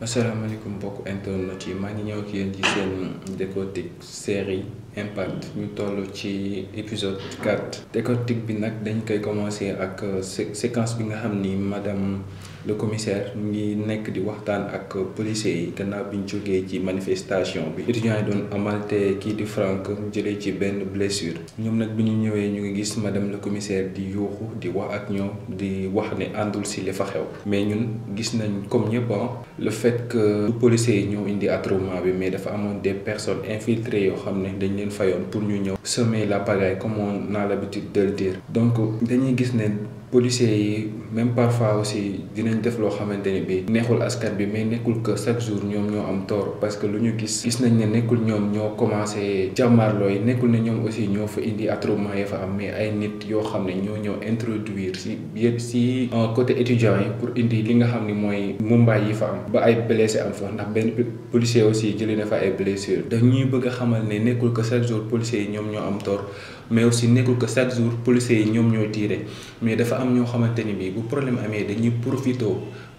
asalaamaaleykum mbokk internet yi maa ngi ñëw ak yéen ci seen décortique série impact ñu toll ci épisode 4 décortique bi nak dañ koy commencer ak euh, séquence bi nga xam ni madame le commissaire mu ngi nekk di waxtaan ak policier yi gannaaw bi ñu jógee ci manifestation bi étudiant yi doon amal te kii di franc jëlee ci benn blessure ñoom nag bi ñu ñëwee ñu ngi gis madame le commissaire di yuuxu di wax ak ñoom di wax ne àndul si li fa xew mais ñun gis nañ comme ñëpp hein, le fait fait que les policiers sont indi à bi mais dafa amoon des personnes infiltrées qui xam ne dañ leen pour ñu semer la pagaille comme on a l'habitude de le dire donc dañuy gis ne policiers yi même parfois aussi dinañ def loo xamante ni bi neexul askan bi mais nekkul que chaque jour ñoom ñoo am tort parce que lu ñu gis gis nañ ne nekkul ñoom ñoo commencé jàmmaarloo yi nekkul ne ñoom aussi ñoo fa indi attroupement ya fa am mais ay nit yoo xam ne ñoo ñoo introduire si yëpp si côté étudiant yi pour indi li nga xam ni mooy mumbaay yi fa am ba ay blessé am fa ndax benn policier aussi jëlee na fa ay blessure dañuy bëgg a xamal ne nekkul que chaque jour policiers yi ñoom ñoo am tort mais aussi nekkul que chaque jour policiers yi ñoom ñoo tiire mais dafa dafa am ñoo xamante ni bii bu problème amee dañuy profité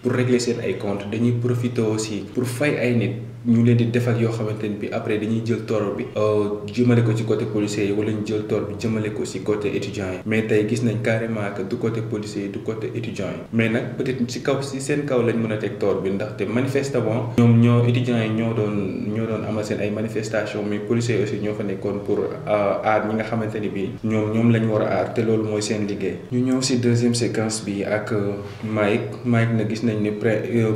pour régler seen ay compte dañuy profité aussi pour fay ay nit ñu leen di def yoo xamante ne bi après dañuy jël toor euh, bi jëmale ko ci côté policiers yi wala ñu jël toor bi jëmale ko ci côté étudiants yi mais tey gis nañ carrément que du côté policiers yi du côté étudiants yi mais nag peut être ci kaw ci seen kaw lañ mën a teg toor bi ndaxte manifestement ñoom ñoo étudiants yi ñoo doon ñoo doon amal seen ay manifestation mais policier yi aussi ñoo fa nekkoon pour euh, aar ñi nga xamante ni bi ñoom ñoom lañ war a aar te loolu mooy seen liggéey ñu ñëw ci deuxième séquence bi ak euh, Mike Mike na gis nañ ne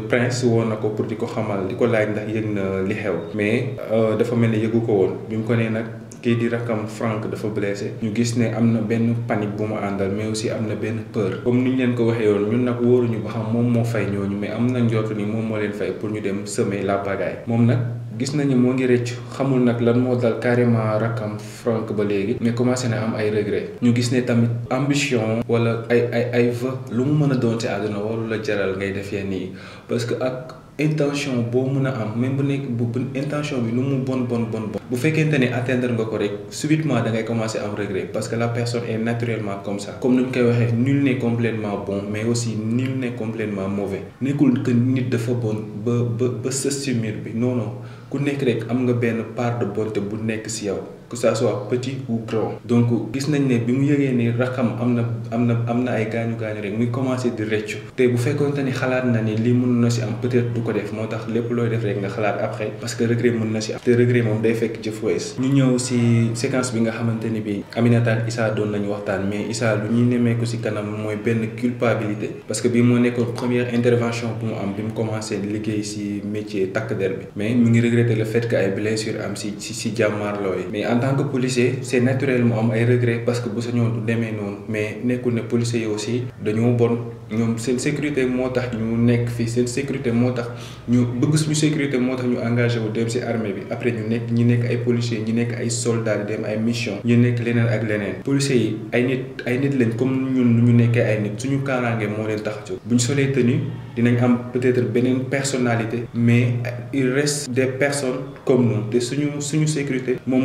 Prince woo na ko pour di ko xamal di ko laaj ndax génn li xew mais euh, dafa mel ne yëgu ko woon bi mu ko nee nag kii di rakam Franck dafa blessé ñu gis ne am na benn panique bu mu àndal mais aussi am na benn peur comme niñ leen ko waxee yoon ñun nag wóoruñu ba xam moom moo fay ñooñu mais am na njort ni moom moo leen fay pour ñu dem semer la pagaille moom nag gis nañu moo ngi rëcc xamul nag lan moo dal carrément rakam Franck ba léegi mais commencé na am ay regret ñu gis ne tamit ambition wala ay ay ay vœu lu mu mën a doon ci àdduna waru la jaral ngay def yenn yi parce que ak intention bonne mun am même bu nek bu intention bi lu mu bonne bonne bonne bon bu fekkente ne atteindre nga ko rek subitement da ngay commencer am regret parce que la personne est naturellement comme ça comme nous ñu koy nul n'est complètement bon mais aussi nul n'est complètement mauvais nekul que nit dafa bon ba ba ba sës ci bi non non ku nek rek am nga ben part de bonté bu nek ci yow que ça soit petit ou gros. donc gis nañ né bi mu yëgee ni rakam amna amna amna ay gañu gañu rek muy commencé di réccu. Té bu fekkoonte ni xalaat na ni li mën na si am peut-être du ko def motax tax lépp looy def rek nga xalaat après parce que regret mën na si am te regret moom day fekk jëf wess. ñu ñëw ci séquence bi nga xamante bi Aminata ak Issa doon nañ waxtaan mais Issa lu ñi némé ko ci kanam moy benn culpabilité parce que bi moo nekkoon première intervention bu mu am bi mu commencé liggéey ci métier takk der bi mais mu ngi regretter le fait que ay blessure am ci ci jamar loy mais tant que policier c'est naturellement am ay regret parce que bu sañoon du demee mais nekkul ne policier yi aussi dañu bon ñom seen sécurité motax ñu nek fi seen sécurité motax ñu bëgg suñu sécurité motax ñu engagé wu dem ci armée bi après ñu nek ñi nek ay policiers ñi nek ay soldats di dem ay mission ñu nek leneen ak leneen policiers yi ay nit ay nit lañ comme ñun ñu nekkee ay nit suñu kaaraange mo leen tax a jóg bu ñu dinañ am peut-être benen personnalité mais il reste des personnes comme nous te suñu suñu sécurité moom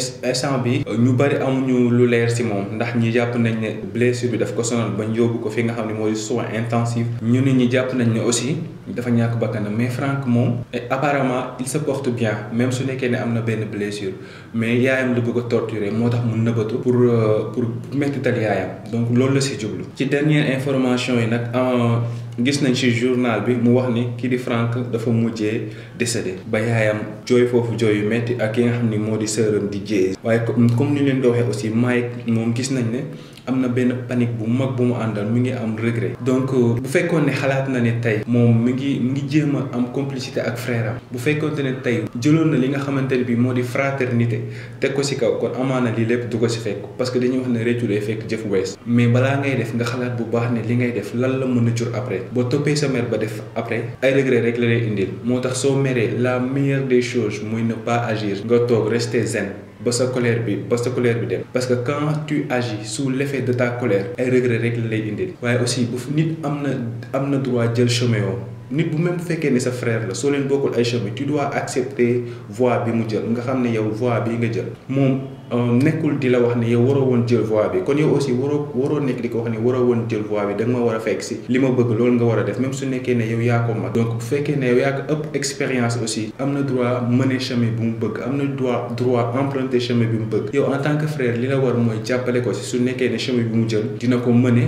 instant bi ñu bëri amuñu lu leer si moom ndax ñi jàpp nañ ne blessure bi daf ko sonal bañ yóbbu ko fi nga xam ne mooy soins intensifs ñu nit ñi jàpp nañ ne aussi dafa ñàkk bakkanam mais Franck moom apparemment il se porte bien même su nekkee ne am na benn blessure mais yaayam la bëgg a torturer moo tax mu nëbbatu pour euh, pour metti tal yaayam donc loolu la si jublu ci dernière information yi nag gis nañ ci journal bi mu wax ni kii di Franck dafa mujjee décédé ba yaayam jooy foofu jooy yu metti ak ki nga xam ni moo di sëram di jéey waaye comme ni leen dooxee aussi Mike moom gis nañ ne amna ben panique bu mag bu mu am regret. donc euh, bu faites ne xalaat na mi ngi ngi am complicité ak frère bu fekkoonte ne tay vous na li nga xamanteni bi modi fraternité te ko vous kaw kon que vous lepp du ko vous fekk parce que dañuy wax ne le fekk jëf mais bala ngay def nga xalaat bu baax ne li ngay def la après bo topé sa mère ba def après ay regret rek indil so la meilleure des choses moy ne pas agir nga toog rester zen ba colère colère parce que quand tu agis sous l'effet de ta colère ay regret rek lay aussi bu nit droit jël chemin nit bu même frère la tu dois accepter voie bi jël nga ne yow voie de nga Euh, nekkul di la wax ne yow waroo woon jël voie bi kon yow aussi waroo waroo nekk di ko wax ne waroo woon jël voie bi da ma war a fekk si li ma bëgg loolu nga war a def même su nekkee ne yow yaa ko mag donc bu fekkee ne yow yaa ko ëpp expérience aussi am na droit mener chemin bu mu bëgg am na droit droit emprunter chemin bi mu bëgg yow en tant que frère li la war mooy jàppale ko si su nekkee ne chemin bi mu jël dina ko mëne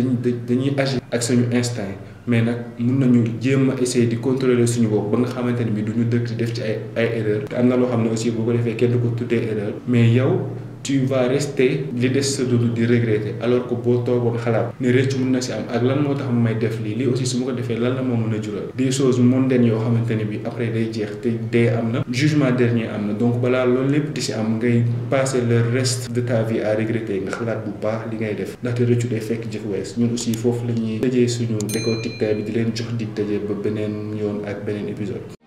dañuy dañuy agir ak suñu instinct mais nag mun nañu jéem a essayer di contrôler suñu bopp ba nga xamante ne bi du ñu dëkk def ci ay ay erreur te am na loo xam ne aussi boo ko defee kenn du ko tuddee erreur mais yow tu vas rester li des sa dund di regretter alors que bo toogoon xalaat ne rëcc mun na si am ak lan moo tax may def lii lii aussi su ma ko defee lan la moo mën a jural des choses mondaines yoo xamante ne bi après day jeex te day am na jugement dernier am na donc balaa loolu lépp di si am ngay passer le reste de ta vie à regretter nga xalaat bu baax li ngay def ndaxte rëccu day fekk jëf wees ñun aussi foofu la ñuy tëjee suñu décortique bi di leen jox dig tëjee ba beneen yoon ak beneen épisode